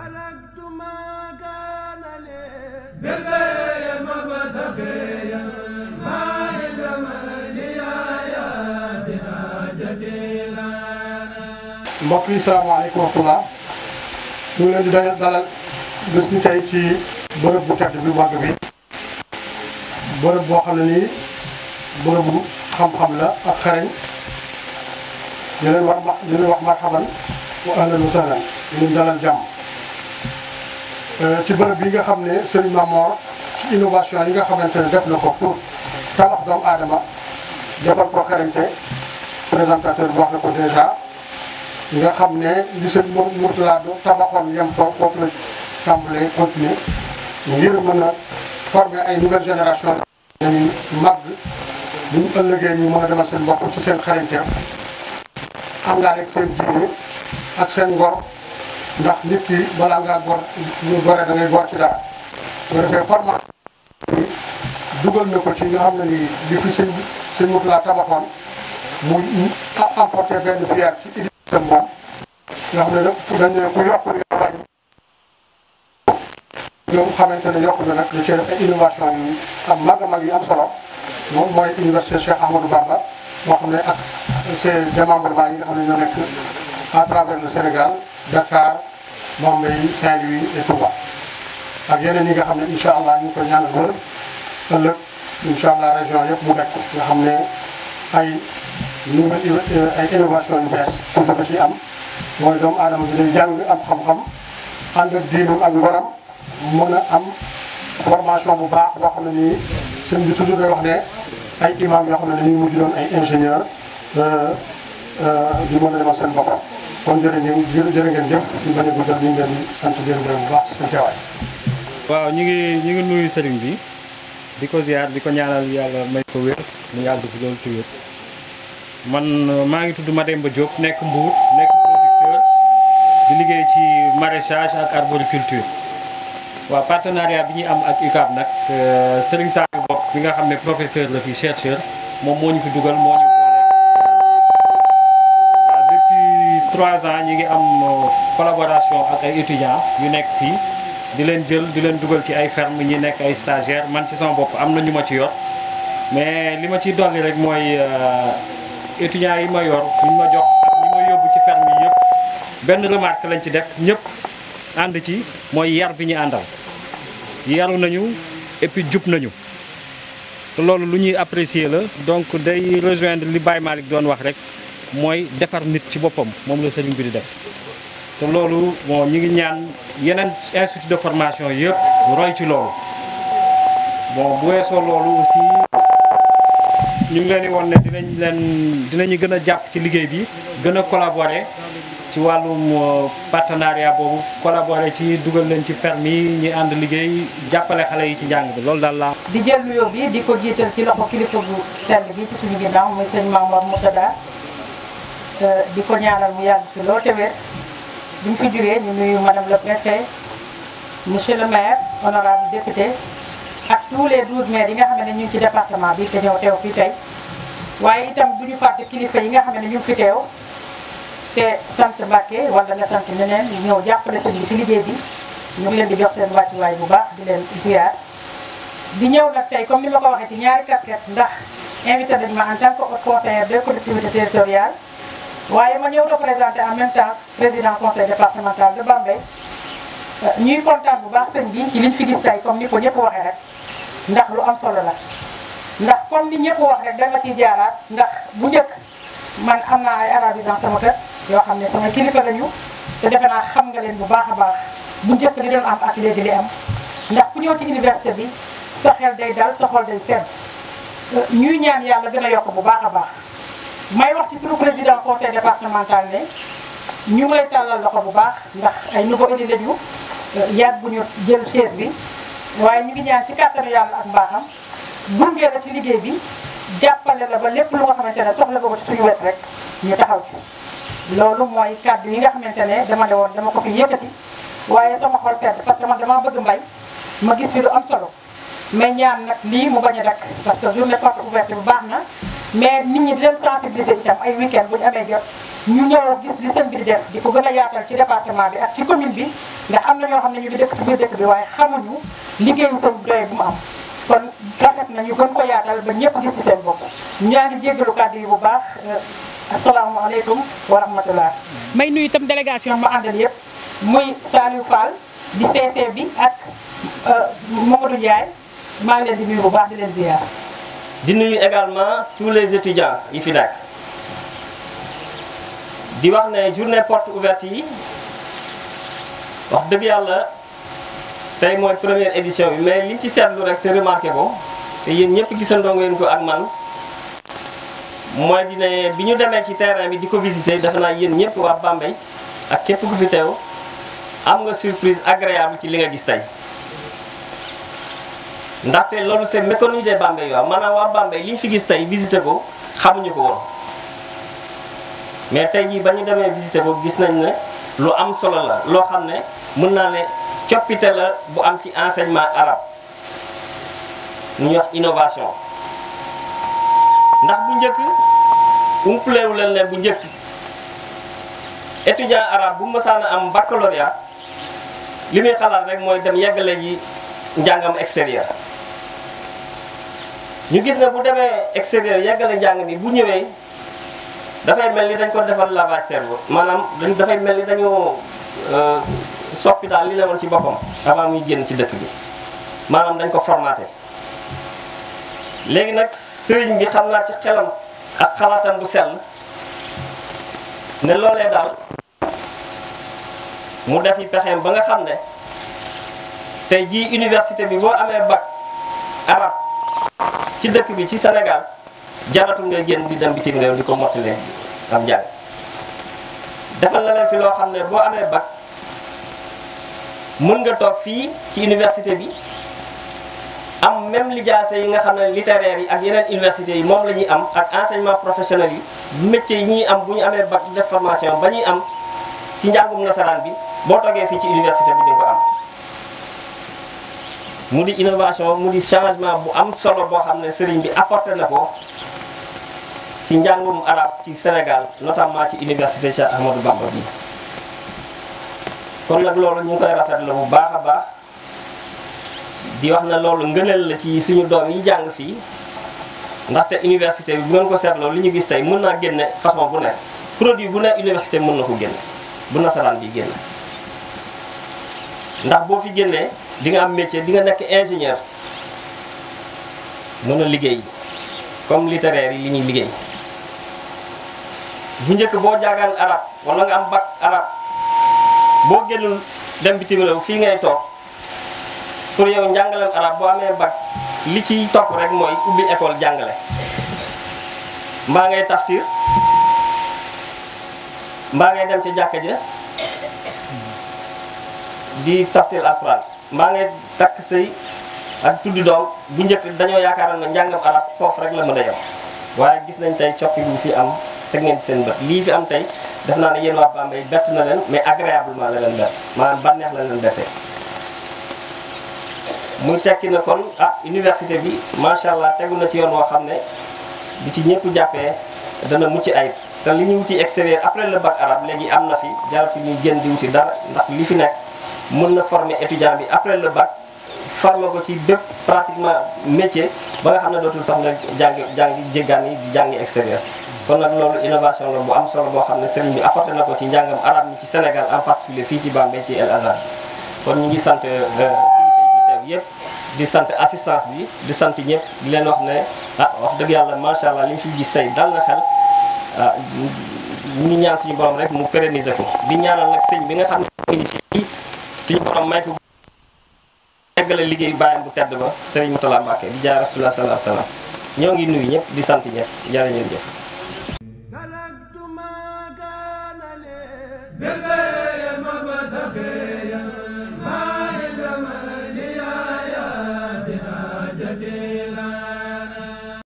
تركت ما كان لي بالبيع مبتغيا ما علم لي يا بحاجتي mbokk yi salaamaaleykum wa rahmatulah ñu ngi leen di dalal bés ni tey ci bërëb bu tedd bi màgg bi bërëb boo xam ne nii bërëb bu xam-xam la ak xarañ di leen wax di leen wax marhaban wa ahlan wa sahlan di leen dalal jàmm Euh, ci bërëb yi nga xam ne Serigne Mamor ci innovation yi nga xamante ne def na ko pour tabax doomu aadama defal ko xarañte présentateur bi wax na ko dèjà nga xam ne li Serigne Mor Mourtala tabaxoon yem foofu foofu la tàmbalee continuer ngir mën a former ay nouvelle génération dañuy màgg bu ñu ëllëgee ñu mën a demal seen bopp ci seen xarañteef àndaale ak seen diine ak seen ngor ndax nit ki balaa ngaa gor ñu gore da ngay gor ci dara su ko dugal na ko ci nga xam na nii li fi sëñ sëñ Moutalla mu apporté benn pierre ci édition moom nga xam ne da dañ xamante ne yokk na nag da innovation yu am mag a mag yu am solo moom mooy université Cheikh Ahmadou Bamba moo xam ne ak ses démembrements yi nga xam ne ñoo nekk à travers le Sénégal Dakar moom lay Saint-Louis et ak yeneen yi nga xam ne incha allah ñu ngi koy ñaanal wër ëllëg incha allah région yëpp mu nekk nga xam ne ay nouvelle ay innovation yu bees toujours da ciy am mooy doomu aadama bi day jàng am xam-xam ànd ak diinam ak ngoram mën a am formation bu baax boo xam ne nii sëñ bi toujours day wax ne ay imam yoo xam ne dañuy mujj doon ay ingénieur di euh, euh, mën a demal seen boppam kon jërë ngeen jërë ngeen jëf ñu sant di leen gërëm bu baax waaw ñu ngi ñu ngi nuyu sëriñ bi di ko ziar di ko ñaanal yàlla may ko wér mu yàgg fi loolu ci wér man maa ngi tudd Mademba Diop nekk Mbour nekk producteur di liggéey ci maraîchage ak arboriculture. waaw partenariat bi ñu am ak UCAB nag euh, Serigne Saliou Bopp bi nga xam ne professeur la fi chercheur moom moo ñu fi dugal moo trois ans ñu ngi am euh, collaboration ak ay étudiants yu nekk fii di leen jël di leen dugal ci ay ferme ñi nekk ay stagiaires man ci sama bopp am na ñu ma ci yor mais li ma ci dolli rek mooy euh, étudiants yi ma yor ñu ma jox ak ñi ma yóbbu ci ferme yi yëpp benn remarque lañ ci def ñëpp ànd ci mooy yar bi ñu àndal yaru nañu et puis jub nañu te loolu lu ñuy apprécier la donc day rejoindre li baay Malick doon wax rek mooy defar nit ci boppam moom la sëriñ bi di def te loolu bon ñu ngi ñaan yeneen institut de formation yëpp roy ci loolu bon bu weesoo loolu aussi ñu ngi leen di woon ne dinañ leen dinañu gën a jàpp ci liggéey bi gën a collaborer ci wàllum euh, partenariat boobu collaborer ci dugal leen ci ferme yi ñi ànd liggéey jàppale xale yi ci njàng bi loolu daal laa. di jël nuyoo bi di ko jiital ci loxo kilifa bu sell bi ci suñu ginnaaw muy sëñ Mamour Moutada. di ko ñaanal mu yàgg si loo te wér bi ñu fi jógee ñu nuyu madame le préfet monsieur le maire honorable député ak tous les 12 maires yi nga xam ne ñu ngi ci département bi te ñëw teew fii tey waaye itam du ñu fàtte kilifa yi nga xam ne ñu fi teew te sant Mbàkke wala nga sant ñeneen ñëw jàpp jàppale seen bi ci liggéey bi ñu leen di jox seen wàccuwaay bu baax di leen ziar di ñëw nag tey comme ni ma ko waxee ci ñaari casquette ndax invité dañu ma en tant que haut conseiller des collectivités waaye ma ñëw représenté en même temps président conseil départemental de Bambey euh, ñuy kontaan bu baax sëñ bii ci liñ fi gis tey comme ni ko ñëpp waxee rek ndax lu am solo la ndax comme ni ñëpp wax rek dama ci jaaraat ndax bu njëkk man am naa ay arabisans sama kër yoo xam ne sama kilifa lañu te defe naa xam nga leen bu baax a baax bu njëkk li doon am ak léegi li am ndax ku ñëw ci université bi sa xel day dal sa xool day sedd euh, ñuy ñaan yàlla gën a yokk bu baax a baax may wax ci turu président conseil départemental ne ñu may lay tàllal loxo bu baax ndax ay nouveau élu lañu euh, yàgg bu ñu jël chaise bi waaye ñu ngi ñaan ci kàttanu yàlla ak mbaaxam gunge la ci liggéey bi jàppale la ba lépp lu nga xamante ne soxla nga ko ci suñu wet rek ñu taxaw ci. loolu mooy kàddu yi nga xamante ne dama ne woon dama ko fi yëkkati waaye sama xol sedd parce que ma dama bëgg mbay ma gis fi lu am solo mais ñaan nag lii mu bañ rakk parce que journée porte ouverte bu na. mais nit ñi di leen sensibiliser itam ay week-end bu ñu amee jot ñu ñëw gis li seen bi def di ko gën a yaatal ci département bi ak ci commune bi nga am na ñoo xam ne ñu ngi dëkk ci biir dëkk bi waaye xamuñu liggéeyu seen bu mu am kon rafet na ñu gën ko yaatal ba ñëpp gis ci seen bopp ñaa ngi jéggalu kàddu yi bu baax euh, asalaamaaleykum wa rahmatullah may nuyu itam délégation ma àndal yëpp muy Saliou Fall di CC bi ak euh, Mamadou Ndiaye maa ngi leen di nuyu bu baax di leen ziar di nuyu également tous les étudiants yi fi nekk di wax ne journée porte ouverte yi wax dëgg yàlla tey mooy première édition bi mais li ci seetlu rek te remarqué ko te yéen ñëpp gisandoo ngeen ko ak man mooy di ne bi ñu demee ci terrain bi di ko visiter defe naa yéen ñëpp waa Bambey ak képp ku fi teew am nga surprise agréable ci li nga gis tey. ndaxte loolu c'est méconnu Bambey waaw maanaam waa Bambey li ñu fi gis tey visité ko xamuñu ko woon mais tey jii ba ñu demee visité ko gis nañ ne lu am solo la loo xam ne mën naa ne coppite la bu am ci enseignement arab ñu ñuy innovation ndax bu njëkk umplewu leen leen bu njëkk étudiant arabe bu mësaan am baccalauréat li muy xalaat rek mooy dem yeggale yi njàngam extérieur ñu gis ne bu demee extérieur yeggale jàng bi bu ñëwee dafay mel ni dañ ko defal lavage cerveau maanaam dañ dafay mel ni dañoo euh, soppi daal li la ci boppam avant muy génn ci dëkk bi maanaam dañ ko formaté léegi nag sëriñ bi xam naa ci xelam ak xalaatam bu sell ne loolee daal mu def yi pexeem ba nga xam ne tey jii université bi boo amee bac arab ci dëkk bi ci Sénégal jaratul ngay génn di dem bitim réew di ko mottalee am njàng defal na leen fi loo xam ne boo amee bac mën nga toog fii ci université bi am même lijaase yi nga xam ne littéraire yi ak yeneen université yi moom la ñuy am ak enseignement professionnel yi métier yi ñuy am bu ñu amee bac def formation ba ñuy am ci njàngum nasaraan bi boo toogee fii ci université bi di ko am mu di innovation mu di changement bu am solo boo xam ne sëriñ bi apporté na ko ci njàngum arab ci Sénégal notamment ci université Cheikh Ahmadou Bamba bi kon nag loolu ñu koy rafet la bu baax a baax di wax na loolu ngëneel la ci suñu doom yi jàng fii ndaxte université bi bu ngeen ko seetloo li ñu gis tey mën naa génne façon bu nekk produit bu nekk université mën na ko génne bu nasaraan bi génne ndax boo fi génnee dinga am métier di nga nekk ingénieur mën a liggéey comme littéraire yi li ñuy liggéey bu njëkk boo jaagaan arab walla nga am bac arab boo génnul dem bitim fii ngay toog pour yow njàngaleem arab boo amee bac li ciy topp rek mooy ubbi école jàngale mbaa ngay tafsir mbaa ngay dem ci jàkka ja di tafsir alxuraan mbaa ngay takk sëy ak tudd doom bu njëkk dañoo yaakaaroon ne njàngam arab foofu rek la mën a yem waaye gis nañ tey coppi bu fi am teg ngeen seen bët lii fi am tey def naa ne yéen waa Bambey bett mais agréablement la leen bett maanaam bànneex la leen bettee muy tekki na kon ah université bi macha allah tegu na ci yoon woo xam ne bi ci ñëpp jàppee dana mucc ay te li ñu wuti extérieur après le bac arabe léegi am na fi jaratu ñuy génn di wuti dara ndax li fi nekk mën na former étudiant bi après le bac former ko ci bépp pratiquement métier ba nga xam ne dootul sax na jàng jàngi jéggaan yi di jàngi extérieur kon nag loolu innovation la bu am solo boo xam ne sëriñ bi apporté na ko ci njàngam arab mi ci Sénégal en particulier fii ci Bambey ci El Azhar kon ñu ngi sant euh, yëpp di sant assistance bi di sant ñëpp di leen wax ne ah wax dëgg yàlla macha allah li ñu fi gis tey dal na xel ah, ñu ngi ñaan suñu borom rek mu pérenniser ko bi nga suñu borom may ko eggale liggéey bàyyam bu tedd ba sëriñ Murtala Mbàkke bi jaar a sallallahu alayhi wasallam ñoo ngi nuyu ñëpp di sant ñëpp jërë ngeen jëf